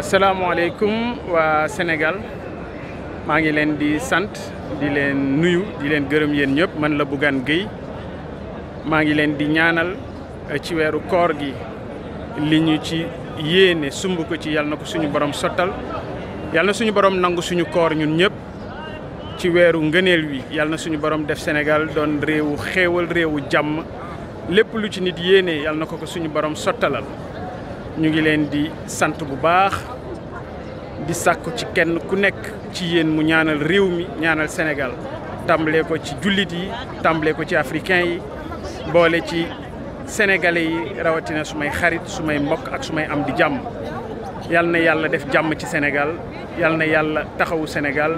asalaamaaleykum waa senegal maa ngi leen di sant di leen nuyu di leen gërëm yéen ñëpp man la Bougane Gueye maa ngi leen di ñaanal eh, ci weeru koor gi li ñu ci yéene sumb ci yàlla na ko suñu borom sottal yàlla na suñu borom nangu suñu koor ñun ñëpp ci weeru ngëneel wi yàlla na suñu borom def senegal doon réewu xéewal réewu jàmm lépp lu ci nit yéene yàlla na ko ko suñu borom sottalal ñu ngi leen di sant bu baax di sàkku ci kenn ku nekk ci yéen mu ñaanal réew mi ñaanal Sénégal tàmbalee ko ci jullit yi tàmbalee ko ci africain yi boole ci sénégalais yi rawatina sumay xarit su may mbokk ak su may am di jàmm yal na yàlla def jàmm ci Sénégal yal na yàlla taxawu Sénégal